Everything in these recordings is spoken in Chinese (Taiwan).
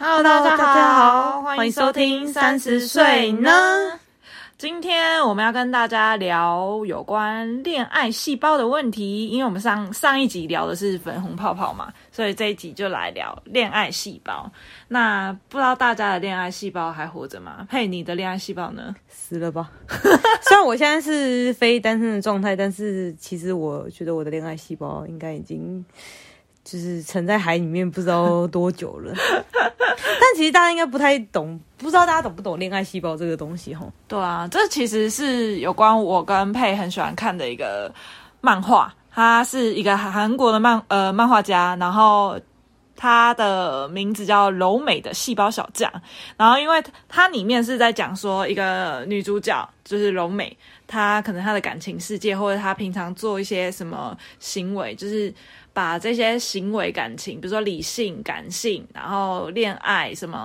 Hello，大家好，家好歡迎收聽三十歲呢。今天我們要跟大家聊有關戀愛細胞的問題，因為我們上上一集聊的是粉紅泡泡嘛，所以這一集就來聊戀愛細胞。那不知道大家的戀愛細胞還活着嗎？嘿，你的戀愛細胞呢？死了吧？ 雖然我現在是非單身的狀態，但是其實我覺得我的戀愛細胞應該已經。就是沉在海裡面不知道多久了， 但其實大家應該不太懂，不知道大家懂不懂戀愛細胞這個東西哈？齁，對啊，這其實是有關我跟佩很喜歡看的一個漫畫，他是一個韓國的漫呃漫畫家，然後他的名字叫柔美的細胞小將，然後因為它裡面是在講說一個女主角就是柔美，她可能她的感情世界或者她平常做一些什麼行為就是。把這些行為、感情，比如說理性、感性，然後戀愛，什麼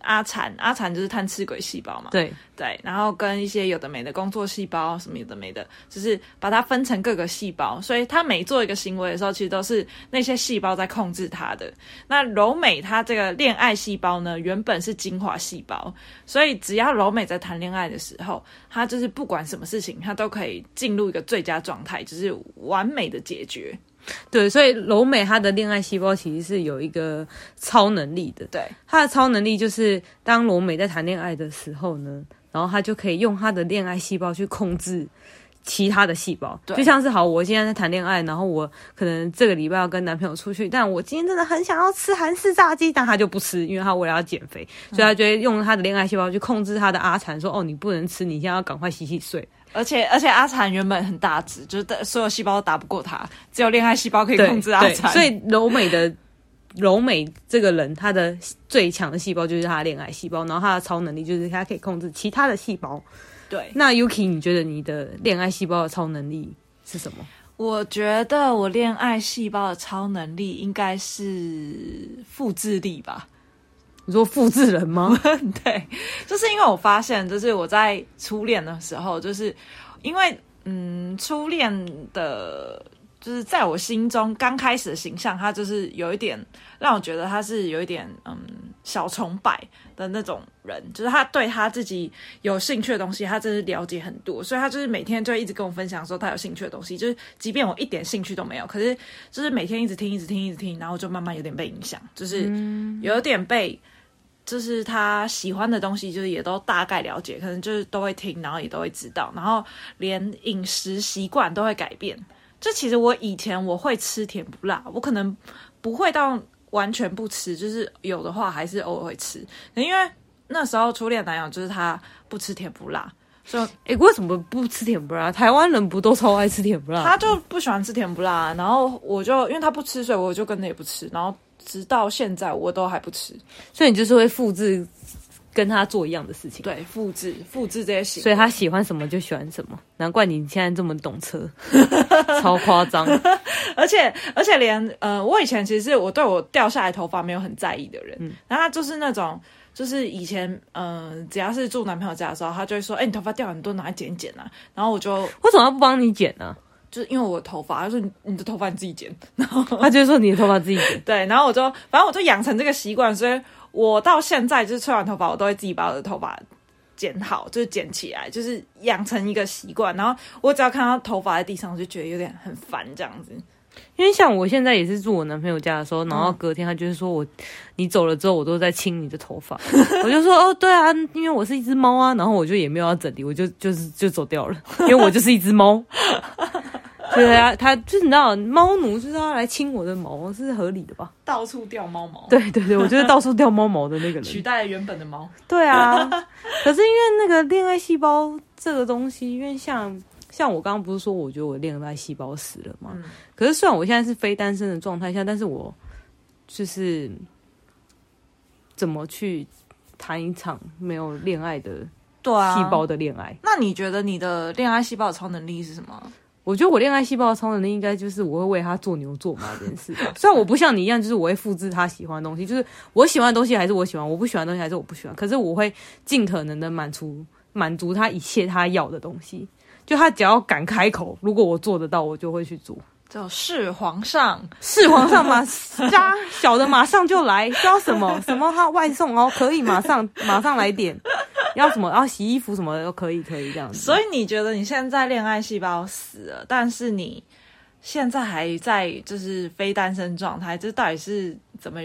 阿，阿產阿產就是貪吃鬼細胞嘛，對對，然後跟一些有的沒的工作細胞什麼有的沒的，就是把它分成各個細胞，所以他每做一個行為的時候，其實都是那些細胞在控制他的。那柔美她這個戀愛細胞呢，原本是精華細胞，所以只要柔美在談戀愛的時候，她就是不管什麼事情，她都可以進入一個最佳狀態，就是完美的解決。對，所以羅美她的戀愛細胞其實是有一個超能力的。對，她的超能力就是當羅美在談戀愛的時候呢，然後她就可以用她的戀愛細胞去控制其他的細胞。對，就像是好，我現在在談戀愛，然後我可能這個禮拜要跟男朋友出去，但我今天真的很想要吃韓式炸雞，但她就不吃，因為她為了要減肥，嗯、所以她就會用她的戀愛細胞去控制她的阿蟬，說哦，你不能吃，你現在要趕快洗洗睡。而且而且，而且阿禪原本很大只，就是所有細胞都打不過他，只有戀愛細胞可以控制阿禪。所以柔美的柔美這個人，他的最強的細胞就是他的戀愛細胞，然後他的超能力就是他可以控制其他的細胞。對，那 Yuki，你覺得你的戀愛細胞的超能力是什麼？我覺得我戀愛細胞的超能力應該是複製力吧。做複製人嗎？ 對，就是因為我發現，就是我在初戀的時候，就是因為嗯，初戀的，就是在我心中剛開始的形象，他就是有一點讓我覺得他是有一點嗯小崇拜的那種人，就是他對他自己有興趣的東西，他真是了解很多，所以他就是每天就一直跟我分享說他有興趣的東西，就是即便我一點興趣都沒有，可是就是每天一直聽，一直聽，一直聽，然後就慢慢有點被影響，就是有點被。就是他喜歡的東西，就是也都大概了解，可能就是都會聽，然後也都會知道，然後連飲食習慣都會改變。這其實我以前我會吃甜不辣，我可能不會到完全不吃，就是有的話還是偶爾會吃，因為那時候初戀男友就是他不吃甜不辣，說誒、欸，為什麼不吃甜不辣？台灣人不都超愛吃甜不辣？他就不喜歡吃甜不辣，然後我就因為他不吃，所以我就跟着也不吃，然後。直到現在我都還不吃，所以你就是會複製跟他做一樣的事情。對，複製複製這些行為，所以他喜歡什麼就喜歡什麼，難怪你現在這麼懂車， 超誇張。 而且而且連呃，我以前其實我對我掉下來頭髮沒有很在意的人，嗯、然後他就是那種就是以前嗯、呃，只要是住男朋友家的時候，他就會說：“哎、欸，你頭髮掉很多，都拿來剪一剪啊。”然後我就，為什麼不幫你剪呢、啊？就是因為我的頭髮，他就是說你的頭髮你自己剪，然後他就說你的頭髮自己剪。 對，然後我就反正我就養成這個習慣，所以我到現在就是吹完頭髮，我都會自己把我的頭髮剪好，就是剪起來，就是養成一個習慣。然後我只要看到頭髮在地上，我就覺得有點很煩這樣子。因為像我現在也是住我男朋友家的時候，然後隔天他就是說我你走了之後，我都在清你的頭髮， 我就說哦對啊，因為我是一隻貓啊，然後我就也沒有要整理，我就就是就走掉了，因為我就是一隻貓。 對啊，他就是你知道貓奴，就是要來親我的毛，是合理的吧？到處掉貓毛。對對對，我覺得到處掉貓毛的那個人 取代了原本的貓。 對啊，可是因為那個戀愛細胞這個東西，因為像像我剛剛不是說，我覺得我戀愛細胞死了嗎？嗯。可是雖然我現在是非單身的狀態下，但是我就是怎麼去談一場沒有戀愛的，對啊，細胞的戀愛？那你覺得你的戀愛細胞的超能力是什麼？我覺得我戀愛細胞的超能力應該就是我會為他做牛做馬這件事。 雖然我不像你一樣，就是我會複製他喜歡的東西，就是我喜歡的東西還是我喜歡，我不喜歡的東西還是我不喜歡。可是我會盡可能的滿足滿足他一切他要的東西。就他只要敢開口，如果我做得到，我就會去做。叫是皇上，是皇上嘛？加 小的馬上就來，知道什麼什麼？什麼他外送，哦，可以馬上馬上來點，要什麼？要洗衣服什麼都可以，可以這樣子。所以你覺得你現在戀愛細胞死了，但是你現在還在就是非單身狀態，這到底是怎麼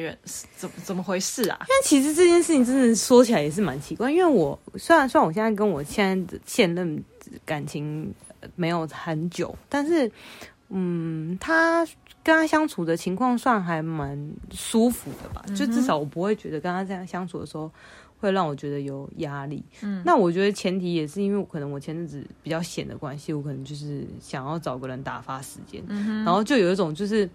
怎麼怎麼回事啊？因為其實這件事情真的說起來也是蠻奇怪，因為我雖然說我現在跟我現在的現任感情沒有很久，但是。嗯，他跟他相處的情況算還蠻舒服的吧？嗯、哼就至少我不會覺得跟他這樣相處的時候會讓我覺得有壓力。嗯，那我覺得前提也是因為我可能我前陣子比較閒的關係，我可能就是想要找個人打發時間，嗯、哼然後就有一種就是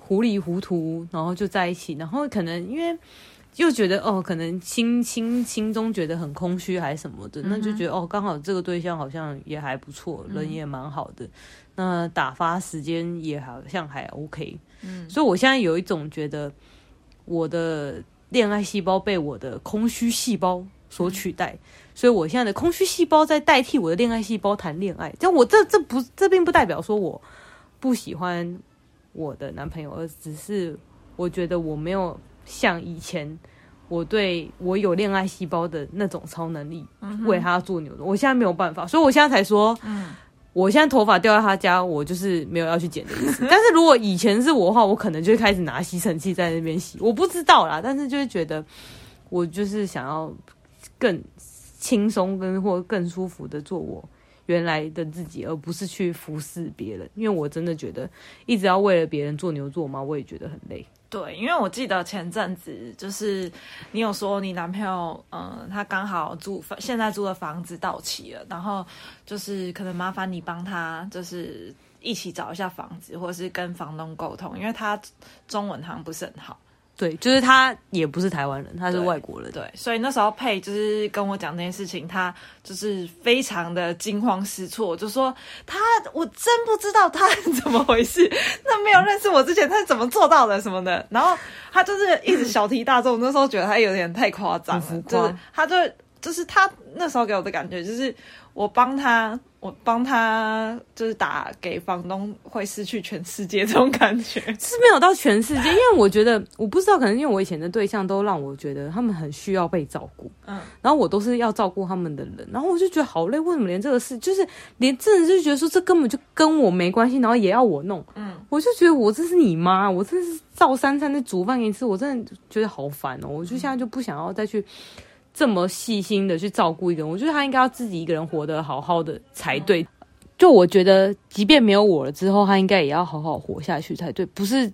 糊裡糊塗，然後就在一起，然後可能因為。就覺得哦，可能心心心中覺得很空虛還是什麼的，嗯、哼那就覺得哦，剛好這個對象好像也還不錯，人也蠻好的，嗯、哼那打發時間也好像還 OK。嗯、所以我現在有一種覺得，我的戀愛細胞被我的空虛細胞所取代，嗯、所以我現在的空虛細胞在代替我的戀愛細胞談戀愛。但我這這不這並不代表說我不喜歡我的男朋友，而只是我覺得我沒有。像以前，我對我有戀愛細胞的那種超能力，為他做牛的我現在沒有辦法，所以我現在才說，嗯，我現在頭髮掉到他家，我就是沒有要去剪的意思。但是如果以前是我的話，我可能就會開始拿吸塵器在那邊洗。我不知道啦，但是就是覺得，我就是想要更輕鬆、跟或更舒服的做我原來的自己，而不是去服侍別人。因為我真的覺得，一直要為了別人做牛做馬，我也覺得很累。對，因為我記得前陣子就是你有說你男朋友，嗯，他剛好住房，現在租的房子到期了，然後就是可能麻煩你幫他就是一起找一下房子，或者是跟房東溝通，因為他中文好像不是很好。對，就是他也不是台灣人，他是外國人。對，對，所以那時候佩就是跟我講這件事情，他就是非常的驚慌失措，就說他，我真不知道他是怎麼回事，那沒有認識我之前他是怎麼做到的什麼的，然後他就是一直小題大做， 那時候覺得他有點太誇張了，就是他就。就是他那時候給我的感覺，就是我幫他，我幫他就是打給房東會失去全世界這種感覺，就是沒有到全世界，因為我覺得我不知道，可能因為我以前的對象都讓我覺得他們很需要被照顧，嗯，然後我都是要照顧他們的人，然後我就覺得好累，為什麼連這個事就是連真的就覺得說這根本就跟我沒關係，然後也要我弄，嗯，我就覺得我這是你媽，我這是照三餐在煮飯給你吃，我真的覺得好煩哦、喔，我就現在就不想要再去。這麼細心的去照顧一個人，我覺得他應該要自己一個人活得好好的才對。就我覺得，即便沒有我了之後，他應該也要好好活下去才對，不是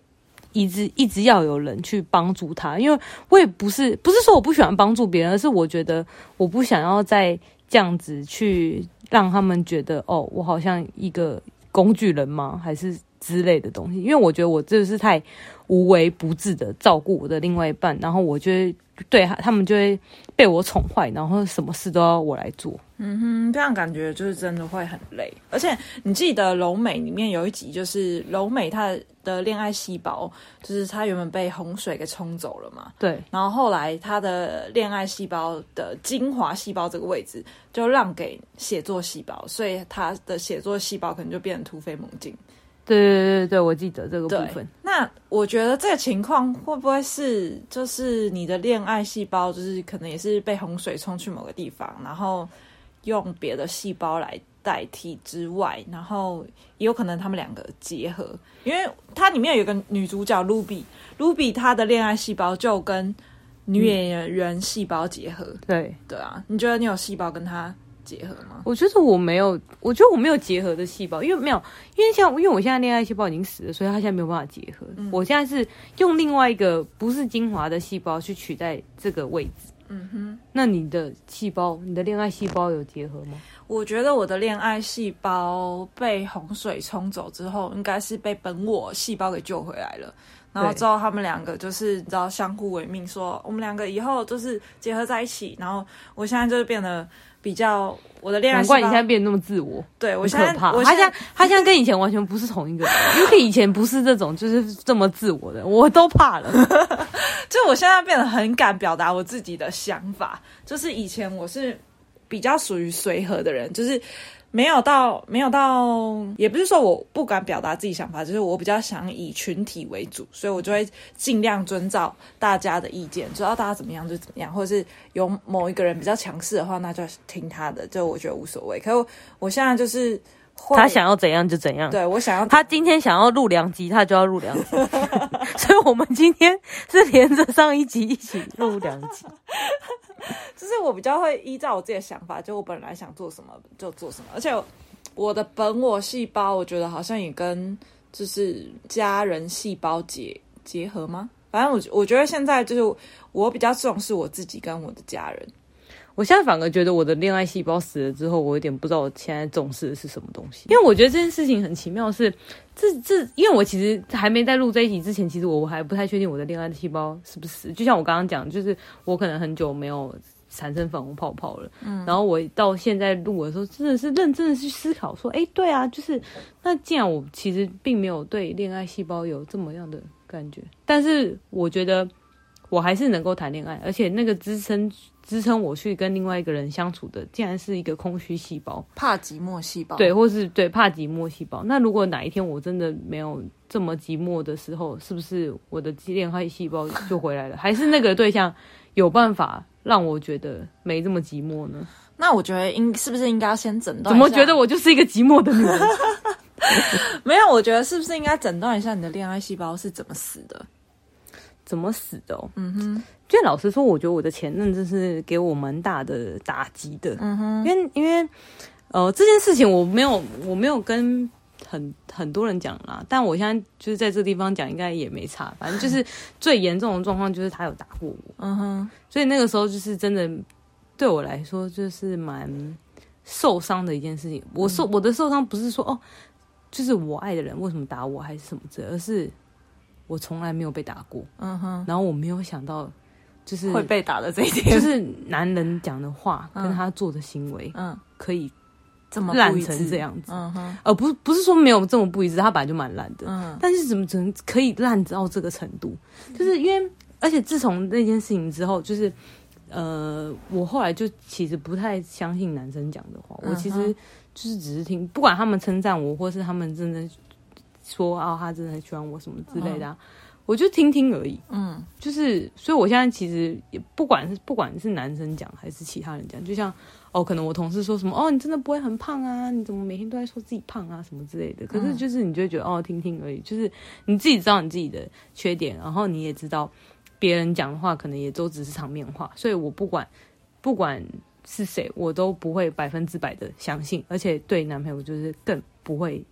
一直一直要有人去幫助他。因為我也不是不是說我不喜歡幫助別人，而是我覺得我不想要再這樣子去讓他們覺得，哦，我好像一個工具人嗎？還是之類的東西？因為我覺得我真的是太無微不至的照顧我的另外一半，然後我覺得。對他，他們就會被我寵壞，然後什麼事都要我來做。嗯哼，這樣感覺就是真的會很累。而且你記得柔美裡面有一集，就是柔美她的戀愛細胞，就是她原本被洪水給沖走了嘛？對。然後後來她的戀愛細胞的精華細胞這個位置就讓給寫作細胞，所以她的寫作細胞可能就變得突飛猛進。對對對對對，我記得這個部分。那我覺得這個情況會不會是，就是你的戀愛細胞，就是可能也是被洪水沖去某個地方，然後用別的細胞來代替之外，然後也有可能他們兩個結合，因為它裡面有一個女主角 Ruby，Ruby 她的戀愛細胞就跟女演員細胞結合。嗯、對對啊，你覺得你有細胞跟她？結合嗎？我覺得我沒有，我覺得我沒有結合的細胞，因為沒有，因為像因為我現在戀愛細胞已經死了，所以他現在沒有辦法結合。嗯、我現在是用另外一個不是精華的細胞去取代這個位置。嗯哼。那你的細胞，你的戀愛細胞有結合嗎？我覺得我的戀愛細胞被洪水沖走之後，應該是被本我細胞給救回來了。然後之後他們兩個就是你知道，相互為命說，說我們兩個以後就是結合在一起。然後我現在就是變得。比較我的戀愛，難怪你現在變得那麼自我。對，我現在，很怕。他現在他現在跟以前完全不是同一個人， 因為以前不是這種，就是這麼自我的，我都怕了。 就我現在變得很敢表達我自己的想法，就是以前我是比較屬於隨和的人，就是。沒有到，沒有到，也不是說我不敢表達自己想法，就是我比較想以群體為主，所以我就會盡量遵照大家的意見，只要大家怎麼樣就怎麼樣，或者是有某一個人比較強勢的話，那就聽他的，就我覺得無所謂。可是我，我現在就是他想要怎樣就怎樣，對，我想要，他今天想要錄兩集，他就要錄兩集， 所以我們今天是連着上一集一起錄兩集。 就是我比較會依照我自己的想法，就我本來想做什麼就做什麼，而且我，我的本我細胞，我覺得好像也跟就是家人細胞結結合嗎？反正我我覺得現在就是我比較重視我自己跟我的家人。我現在反而覺得我的戀愛細胞死了之後，我有點不知道我現在重視的是什麼東西。因為我覺得這件事情很奇妙的是，是這這，因為我其實還沒在錄這一集之前，其實我還不太確定我的戀愛細胞是不是死，就像我剛剛講，就是我可能很久沒有產生粉紅泡泡了。嗯，然後我到現在錄的時候，真的是認真的去思考，說，哎、欸，對啊，就是那既然我其實並沒有對戀愛細胞有這麼樣的感覺，但是我覺得。我還是能夠談戀愛，而且那個支撐支撐我去跟另外一個人相處的，竟然是一個空虛細胞，怕細胞，怕寂寞細胞，對，或是對怕寂寞細胞。那如果哪一天我真的沒有這麼寂寞的時候，是不是我的戀愛細胞就回來了？ 還是那個對象有辦法讓我覺得沒這麼寂寞呢？那我覺得應是不是應該先診斷？怎麼覺得我就是一個寂寞的人？ 沒有，我覺得是不是應該診斷一下你的戀愛細胞是怎麼死的？怎麼死的哦？嗯哼，所以老實說，我覺得我的前任就是給我蠻大的打擊的。嗯哼，因為因為呃這件事情，我沒有我沒有跟很很多人講啦，但我現在就是在這個地方講，應該也沒差。反正就是最嚴重的狀況就是他有打過我。嗯哼，所以那個時候就是真的對我來說就是蠻受傷的一件事情。我受我的受傷不是說哦，就是我愛的人為什麼打我還是什麼這，而是。我從來沒有被打過，uh huh. 然後我沒有想到，就是會被打的這一點就是男人講的話跟他做的行為，嗯，可以這麼爛成這樣子，而、uh huh. 呃、不，不是說沒有這麼不一致，他本來就蠻爛的，uh huh. 但是怎麼怎可,可以爛到這個程度，uh huh. 就是因為，而且自從那件事情之後，就是，呃，我後來就其實不太相信男生講的話，我其實就是只是聽，不管他們稱讚我，或是他們真的。說啊、哦，他真的很喜歡我什麼之類的、啊，嗯、我就聽聽而已。嗯，就是，所以我現在其實也不管是不管是男生講還是其他人講，就像哦，可能我同事說什麼哦，你真的不會很胖啊？你怎麼每天都在說自己胖啊？什麼之類的。嗯、可是就是你就會覺得哦，聽聽而已。就是你自己知道你自己的缺點，然後你也知道別人講的話可能也都只是場面話。所以我不管不管是誰，我都不會百分之百的相信，而且對男朋友就是更不會。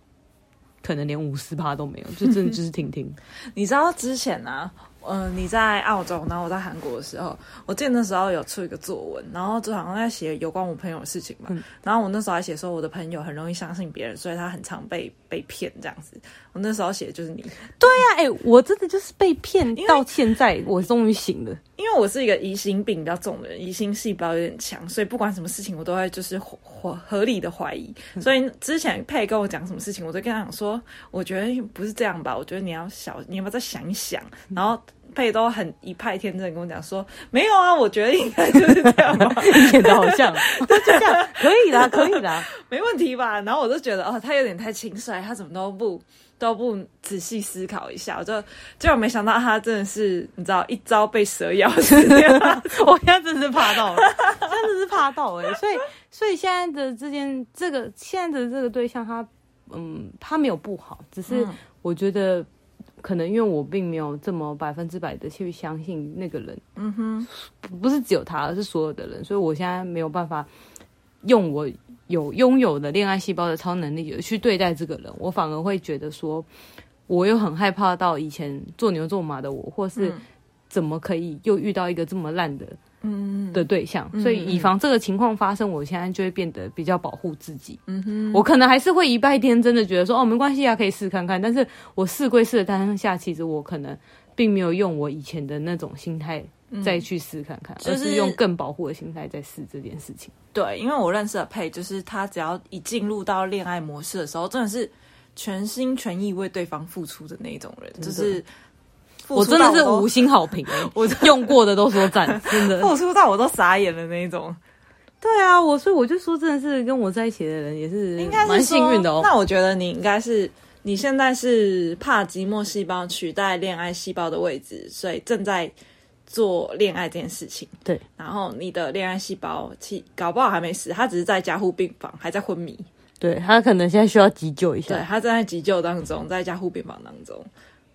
可能連五十趴都沒有，就真的就是婷婷。你知道之前呢、啊？嗯、呃，你在澳洲，然後我在韓國的時候，我之前的時候有出一個作文，然後就好像在寫有關我朋友的事情嘛。嗯、然後我那時候還寫說我的朋友很容易相信別人，所以他很常被被騙這樣子。我那時候寫的就是你。對呀、啊，哎、欸，我真的就是被騙。 到現在為我終於醒了，因為我是一個疑心病比較重的人，疑心細胞有點強，所以不管什麼事情我都會就是合合理的懷疑。嗯、所以之前佩跟我講什麼事情，我就跟他講說，我覺得不是這樣吧，我覺得你要想，你要不要再想一想？然後。嗯配都很一派天真，跟我講說，沒有啊，我覺得應該就是這樣吧，吧點得好像，就這樣 可以啦，可以啦，沒問題吧？然後我就覺得哦，他有點太輕率，他什麼都不都不仔細思考一下，我就就我沒想到他真的是你知道一朝被蛇咬， 我現在真是怕到了，真的是怕到哎，所以所以現在的這件這個現在的這個對象他，他嗯，他沒有不好，只是、嗯、我覺得。可能因為我並沒有這麼百分之百的去相信那個人，嗯哼，不是只有他，而是所有的人，所以我現在沒有辦法用我有擁有的戀愛細胞的超能力去對待這個人，我反而會覺得說，我又很害怕到以前做牛做馬的我，或是怎麼可以又遇到一個這麼爛的。嗯嗯的對象，嗯嗯，所以以防這個情況發生，我現在就會變得比較保護自己。嗯哼，我可能還是會一拜天，真的覺得說哦，沒關係啊，可以試看看。但是我試歸試的當下，其實我可能並沒有用我以前的那種心態，再去試看看，嗯、而是用更保護的心態在試這件事情。對，因為我認識的 Pay，就是他只要一進入到戀愛模式的時候，真的是全心全意為對方付出的那種人，就是。我，我真的是五星好評，欸，我真用過的都說讚，真的。我收到我都傻眼的那一種。對啊，我所以我就說真的是跟我在一起的人也是蠻幸運的、喔。那我覺得你應該是你現在是怕寂寞細胞取代戀愛細胞的位置，所以正在做戀愛這件事情。對，然後你的戀愛細胞其搞不好還沒死，他只是在加護病房還在昏迷。對，他可能現在需要急救一下，對，他正在急救當中，在加護病房當中。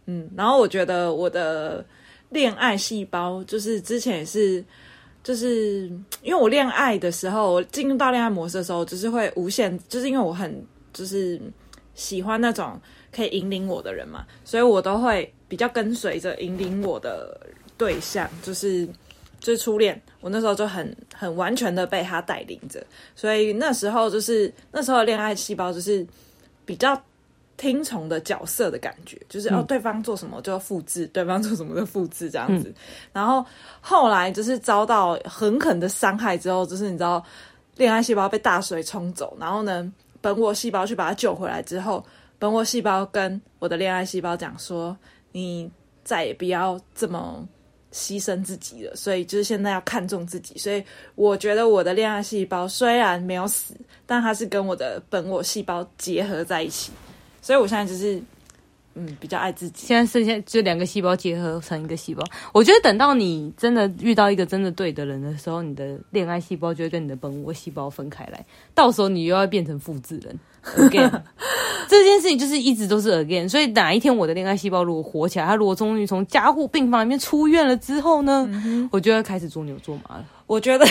嗯，然後我覺得我的戀愛細胞就是之前也是，就是因為我戀愛的時候，我進入到戀愛模式的時候，就是會無限，就是因為我很就是喜歡那種可以引領我的人嘛，所以我都會比較跟隨着引領我的對象，就是、就是初戀，我那時候就很很完全的被他帶領着，所以那時候就是那時候的戀愛細胞就是比較聽從的角色的感覺，就是要對方做什麼就要複製，對方做什麼就複製、嗯、這樣子。然後後來就是遭到狠狠的傷害之後，就是你知道，戀愛細胞被大水沖走，然後呢，本我細胞去把它救回來之後，本我細胞跟我的戀愛細胞講說：“你再也不要這麼犧牲自己了。”所以就是現在要看重自己。所以我覺得我的戀愛細胞雖然沒有死，但它是跟我的本我細胞結合在一起。所以，我現在就是，嗯，比較愛自己。現在剩下就兩個細胞結合成一個細胞。我覺得等到你真的遇到一個真的對的人的時候，你的戀愛細胞就會跟你的本我細胞分開來。到時候你又要變成複製人。Again， 這件事情就是一直都是 again。所以哪一天我的戀愛細胞如果火起來，它如果終於從加護病房裡面出院了之後呢，嗯、哼我就要開始做牛做馬了。我覺得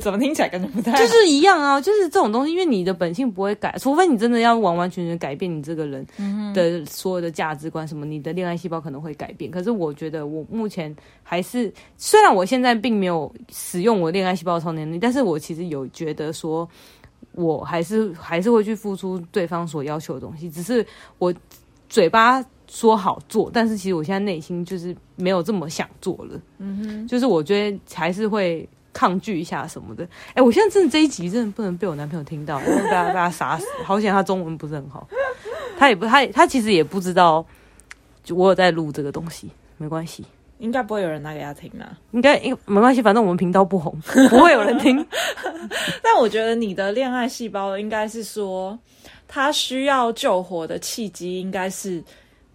怎麼聽起來感覺不太就是一樣啊，就是這種東西，因為你的本性不會改，除非你真的要完完全全改變你這個人的所有的價值觀什麼，你的戀愛細胞可能會改變。可是我覺得我目前還是，雖然我現在並沒有使用我戀愛細胞的超能力，但是我其實有覺得說，我還是還是會去付出對方所要求的東西，只是我嘴巴說好做，但是其實我現在內心就是沒有這麼想做了。嗯哼，就是我覺得還是會。抗拒一下什麼的，哎、欸，我現在真的這一集真的不能被我男朋友聽到，不然被他殺 死。好險，他中文不是很好，他也不他、他其實也不知道，就我有在錄這個東西，沒關係，應該不會有人拿給他聽啦、啊。應該應沒關係，反正我們頻道不紅， 不會有人聽。 但我覺得你的戀愛細胞應該是說，他需要救活的契機應該是。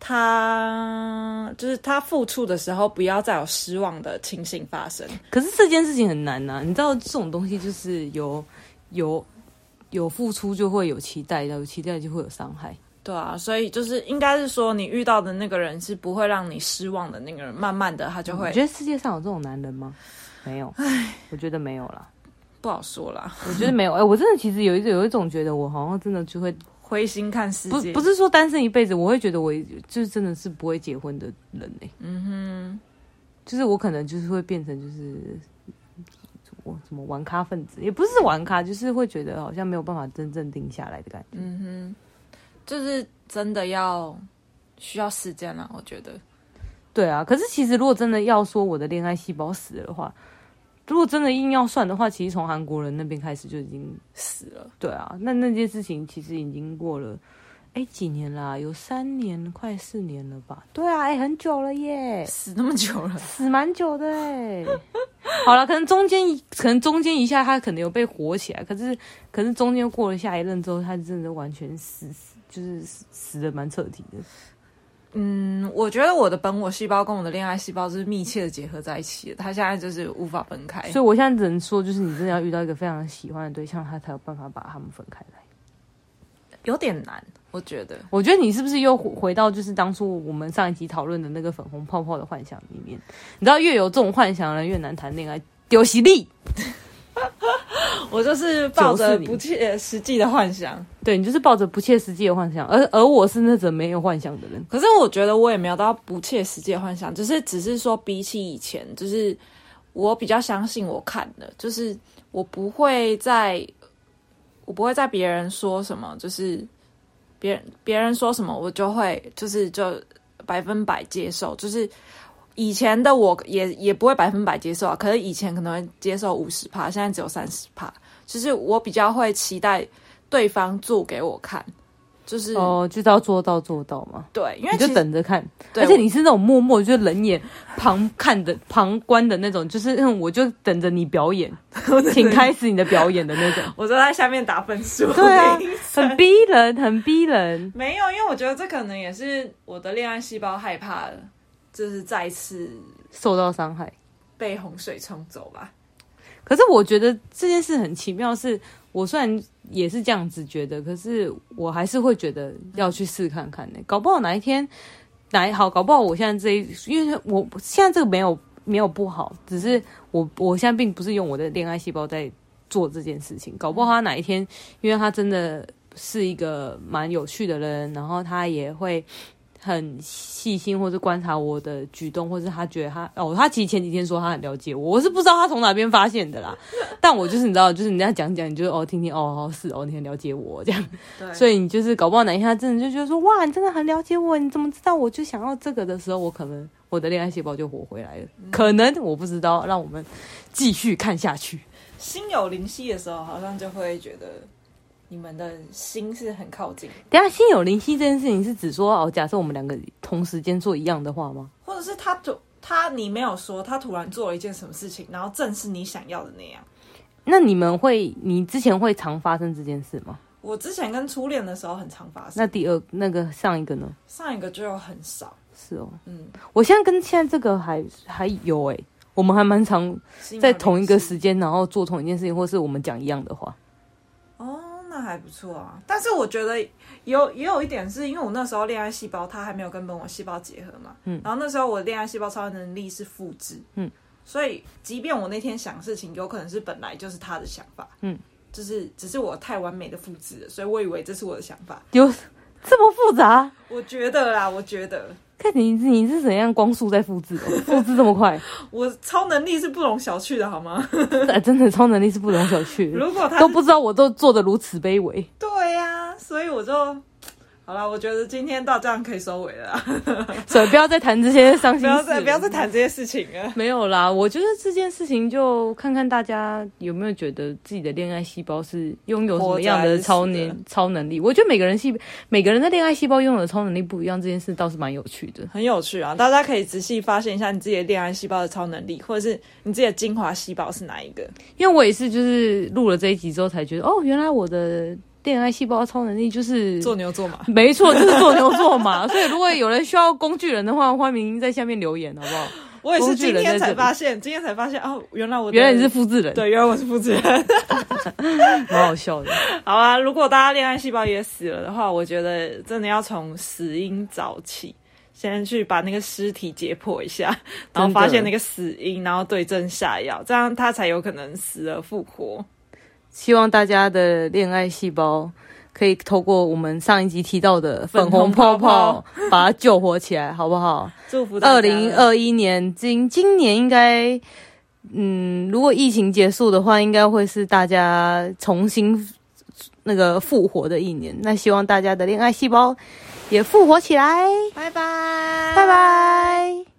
他就是他付出的時候，不要再有失望的情形發生。可是這件事情很難吶，你知道這種東西就是有有有付出就會有期待，有期待就會有傷害。對啊，所以就是應該是說，你遇到的那個人是不會讓你失望的那個人。慢慢的，他就會。你覺得世界上有這種男人嗎？沒有，唉，我覺得沒有啦，不好說啦。 我覺得沒有，哎，我真的其實有一有一種覺得，我好像真的就會。灰心看世界，不不是說單身一輩子，我會覺得我就是真的是不會結婚的人嘞、欸。嗯哼，就是我可能就是會變成就是我什麼玩咖分子，也不是玩咖，就是會覺得好像沒有辦法真正定下來的感覺。嗯哼，就是真的要需要時間了、啊，我覺得。對啊，可是其實如果真的要說我的戀愛細胞死了的話。如果真的硬要算的話，其實從韓國人那邊開始就已經死了。對啊，那那件事情其實已經過了，誒、欸、幾年啦、啊？有三年，快四年了吧？對啊，誒、欸、很久了耶，死那麼久了，死蠻久的 好啦，可能中間，可能中間一下他可能有被火起來，可是，可是中間過了下一任之後，他真的完全死，就是死死的蠻徹底的。嗯，我覺得我的本我細胞跟我的戀愛細胞是密切的結合在一起的，他現在就是無法分開。所以我現在只能說，就是你真的要遇到一個非常喜歡的對象，他才有辦法把他們分開來，有點難。我覺得，我覺得你是不是又回到就是當初我們上一集討論的那個粉紅泡泡的幻想裡面？你知道，越有這種幻想的人，越難談戀愛，丟犀利。 我就是抱着不切實際的幻想。你對你就是抱着不切實際的幻想，而而我是那種沒有幻想的人。可是我覺得我也沒有到不切實際的幻想，只、就是只是說比起以前，就是我比較相信我看的，就是我不會再，我不會再別人說什麼，就是別人別人說什麼，我就會就是就百分百接受，就是。以前的我也也不會百分百接受啊，可是以前可能會接受五十趴，現在只有三十趴。就是我比較會期待對方做給我看，就是哦，就道、是、做到做到嘛。對，因為你就等着看，對而且你是那種默默就冷、是、眼旁看的，旁，看的旁觀的那種，就是我就等着你表演， 我的請開始你的表演的那種。我在在下面打分數。對啊，很逼人，很逼人。沒有，因為我覺得這可能也是我的戀愛細胞害怕了。就是再次受到傷害，被洪水沖走吧。可是我覺得這件事很奇妙，是我雖然也是這樣子覺得，可是我還是會覺得要去試看看呢、欸。搞不好哪一天，哪一好，搞不好我現在這一，因為我現在這個沒有沒有不好，只是我我現在並不是用我的戀愛細胞在做這件事情。搞不好他哪一天，因為他真的是一個蠻有趣的人，然後他也會。很細心，或者觀察我的舉動，或者他覺得他哦，他其實前幾天說他很了解我，我是不知道他從哪邊發現的啦。 但我就是你知道，就是你這樣講講，你就哦聽聽哦，好是哦，你很了解我這樣。對所以你就是搞不好哪一天他，真的就覺得說，哇，你真的很了解我，你怎麼知道我就想要這個的時候，我可能我的戀愛細胞就活回來了。嗯、可能我不知道，讓我們繼續看下去。心有靈犀的時候，好像就會覺得。你們的心是很靠近。等下，心有靈犀這件事情是指說哦，假設我們兩個同時間做一樣的話嗎？或者是他就他，你沒有說他突然做了一件什麼事情，然後正是你想要的那樣？那你們會，你之前會常發生這件事嗎？我之前跟初戀的時候很常發生。那第二那個上一個呢？上一個就很少。是哦，嗯，我現在跟現在這個還還有誒，我們還蠻常在同一個時間，然後做同一件事情，或是我們講一樣的話。那還不錯啊，但是我覺得有也有一點是因為我那時候戀愛細胞它還沒有跟本我細胞結合嘛，嗯，然後那時候我戀愛細胞超能力是複製，嗯，所以即便我那天想事情，有可能是本來就是他的想法，嗯，就是只是我太完美的複製了，所以我以為這是我的想法，有這麼複雜？我覺得啦，我覺得。你你是怎樣光速在複製的？複製這麼快， 我超能力是不容小覷的，好嗎？哎、 欸，真的超能力是不容小覷。 如果他都不知道，我都做的如此卑微。對呀、啊，所以我就。好了，我覺得今天到這樣可以收尾了， 所以不要再談這些傷心事 不，不要再不要再談這些事情啊！ 沒有啦，我覺得這件事情就看看大家有沒有覺得自己的戀愛細胞是擁有什麼樣的超能超能力。我覺得每個人細每個人的戀愛細胞擁有的超能力不一樣，這件事倒是蠻有趣的。很有趣啊！大家可以仔細發現一下你自己的戀愛細胞的超能力，或者是你自己的精華細胞是哪一個？因為我也是，就是錄了這一集之後才覺得，哦，原來我的。戀愛細胞超能力就是做牛做馬，沒錯，就是做牛做馬。 所以如果有人需要工具人的話，歡迎在下面留言，好不好？我也是今天才發現，今天才發現哦，原來我原來你是複製人，對，原來我是複製人，蠻 好笑的。好啊，如果大家戀愛細胞也死了的話，我覺得真的要從死因找起，先去把那個屍體解剖一下，的然後發現那個死因，然後對症下藥，這樣他才有可能死而復活。希望大家的戀愛細胞可以透過我們上一集提到的粉紅泡泡把它救活起來，好不好？祝福大家！二零二一年，今今年應該，嗯，如果疫情結束的話，應該會是大家重新那個復活的一年。那希望大家的戀愛細胞也復活起來。拜拜，拜拜。